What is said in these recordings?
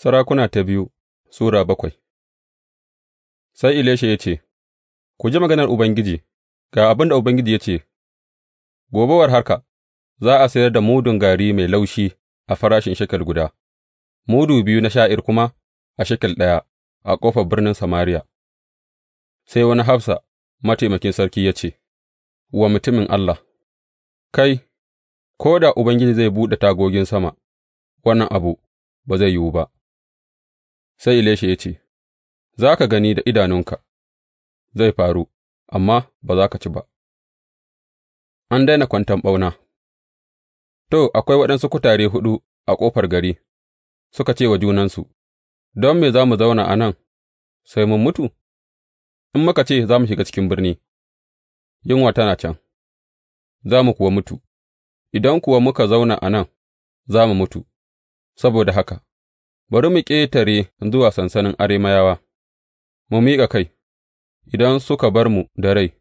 Sarakuna ta biyu Sura bakwai Sai Elisha ya ce, Ku ji maganar Ubangiji, ga abin da Ubangiji ya ce, Gobe harka, za a sayar da mudun gari mai laushi a farashin shekel guda, mudu biyu na sha'ir kuma a shekel ɗaya a ƙofar birnin Samariya. Sai wani hafsa mataimakin sarki ya ce wa mutumin Allah, Kai, ko da Ubangiji zai buɗe tagogin sama, wannan abu ba zai yiwu ba. Sai Elisha ya ce, Za ka gani da idanunka, zai faru, amma ba za ka ci ba. An daina kwanton ɓauna To, akwai waɗansu kutare huɗu a ƙofar gari, suka ce wa junansu, Don me za mu zauna a nan, sai mun mutu? In muka ce za mu shiga cikin birni, yunwa tana can, za mu kuwa mutu, idan kuwa muka zauna a nan, za mu mutu, saboda haka Bari mu ƙetare zuwa sansanin Arameyawa, mu miƙa kai, idan suka bar mu da rai,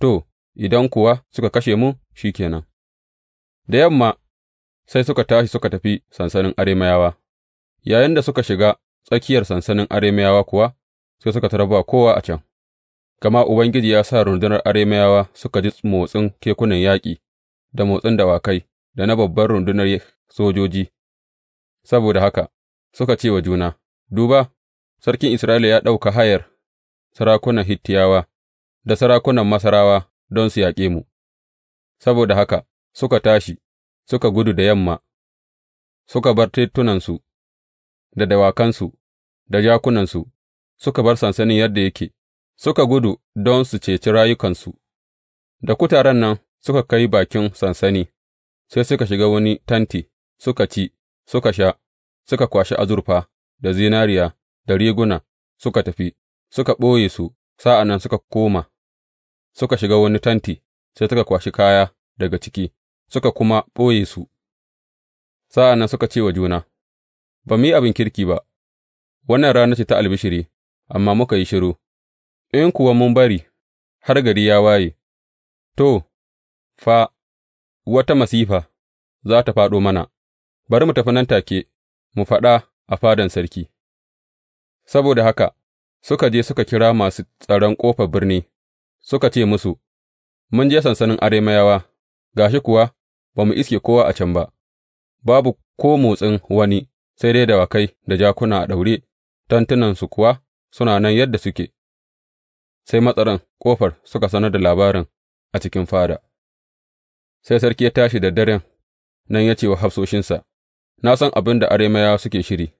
to, idan kuwa suka kashe mu, shi kenan. Da yamma sai suka tashi suka tafi sansanin Arameyawa, yayinda suka shiga tsakiyar sansanin Arameyawa kuwa, sai suka tarar kowa a can, gama Ubangiji ya sa rundunar Arameyawa suka ji motsin kekunan yaƙi da motsin dawakai da na babbar rundunar sojoji, saboda haka. suka ce wa juna, Duba, sarkin Isra'ila ya ɗauka hayar sarakunan Hittiyawa da sarakunan Masarawa don su yaƙe mu, saboda haka suka tashi, suka gudu da yamma, suka bar tetunansu, da dawakansu, da jakunansu, suka bar sansanin yadda yake, suka gudu don su ceci rayukansu, da kutaren nan suka kai bakin sansani, sai suka shiga wani tanti suka ci, suka sha. suka kwashi azurfa da zinariya da riguna suka tafi, suka ɓoye su, sa'an nan suka koma, suka shiga wani tenti, sai suka kwashi kaya daga ciki, suka kuma ɓoye su, sa'an nan suka ce wa juna, Ba mu yi abin kirki ba, wannan rana ce ta albishiri, amma muka yi shiru, in kuwa mun bari har gari ya waye, to, fa, wata masifa za ta faɗo mana, bari mu tafi nan take mu faɗa a fadan sarki. Saboda haka suka je suka kira masu tsaron ƙofar birni, suka ce musu, Mun je sansanin Arameyawa, ga shi kuwa ba mu iske kowa a can ba, babu ko motsin wani sai dai dawakai da jakuna a ɗaure, tantunansu kuwa suna nan yadda suke. Sai matsaran ƙofar suka sanar da labarin a cikin fada. Sai sarki ya tashi da daren nan ya ce wa hafsoshinsa, na san abin da Arameyawa suke shiri,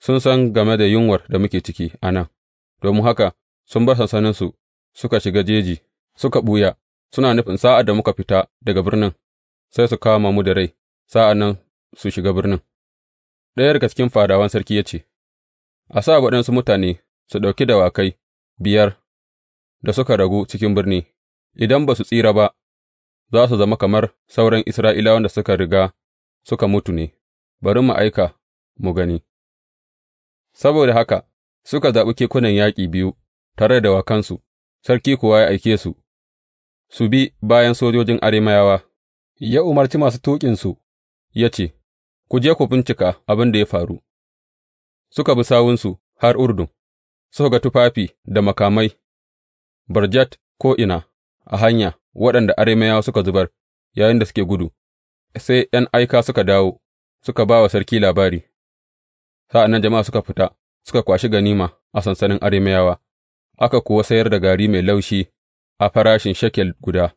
sun san game da yunwar da muke ciki a nan, domin haka sun bar sansaninsu suka shiga jeji, suka ɓuya, suna nufin sa'ad da muka fita daga birnin, sai su kama mu da rai, sa'an nan su shiga birnin. Ɗaya daga cikin fadawan sarki ya ce, A sa waɗansu mutane su ɗauki dawakai biyar da suka ragu cikin birni, idan ba su tsira ba, za su zama kamar sauran Isra'ilawan da suka riga suka mutu ne, bari mu aika mu gani. Saboda haka suka zaɓi kekunan yaƙi biyu tare da dawakansu, sarki kuwa ya aike su, su bi bayan sojojin Arimayawa, ya umarci masu tuƙinsu ya ce, Ku je ku bincika abin da ya faru, suka bi sawunsu har Urdun, suka ga tufafi da makamai, barjat ko'ina a hanya waɗanda Arimayawa suka zubar yayin da suke gudu, sai ’yan aika suka dawo, suka ba wa sarki labari, sa'an nan jama'a suka fita, suka kwashi ganima a sansanin Arameyawa, aka kuwa sayar da gari mai laushi a farashin shekel guda,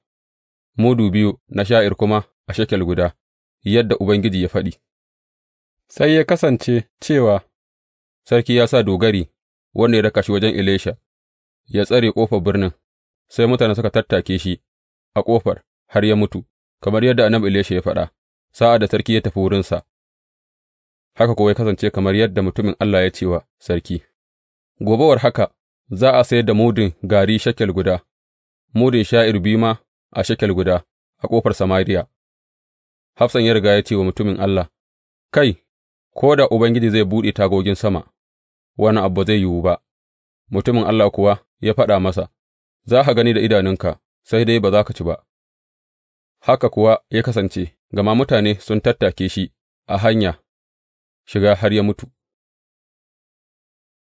mudu biyu na sha'ir kuma a shekel guda, yadda Ubangiji ya faɗi. Sai ya kasance cewa sarki ya sa dogari wanda ya raka shi wajen Ilesha ya tsare ƙofar birnin, sai mutane suka tattake shi a ƙofar har ya mutu. kamar yadda annabi Elisha ya faɗa sa'ad da sarki ya tafi wurinsa, haka kuwa ya kasance kamar yadda mutumin Allah ya ce wa sarki, Gobe haka za a sayar da mudun gari shekel guda, mudin sha'ir biyu ma a shekel guda a ƙofar Samariya. Hafsan ya riga ya ce wa mutumin Allah, Kai, ko da Ubangiji zai buɗe tagogin sama, Wani abu zai yiwu ba, mutumin Allah kuwa ya faɗa masa, Za ka gani da idanunka, sai dai ba za ka ci ba. haka kuwa ya kasance, gama mutane sun tattake shi a hanya shiga har ya mutu.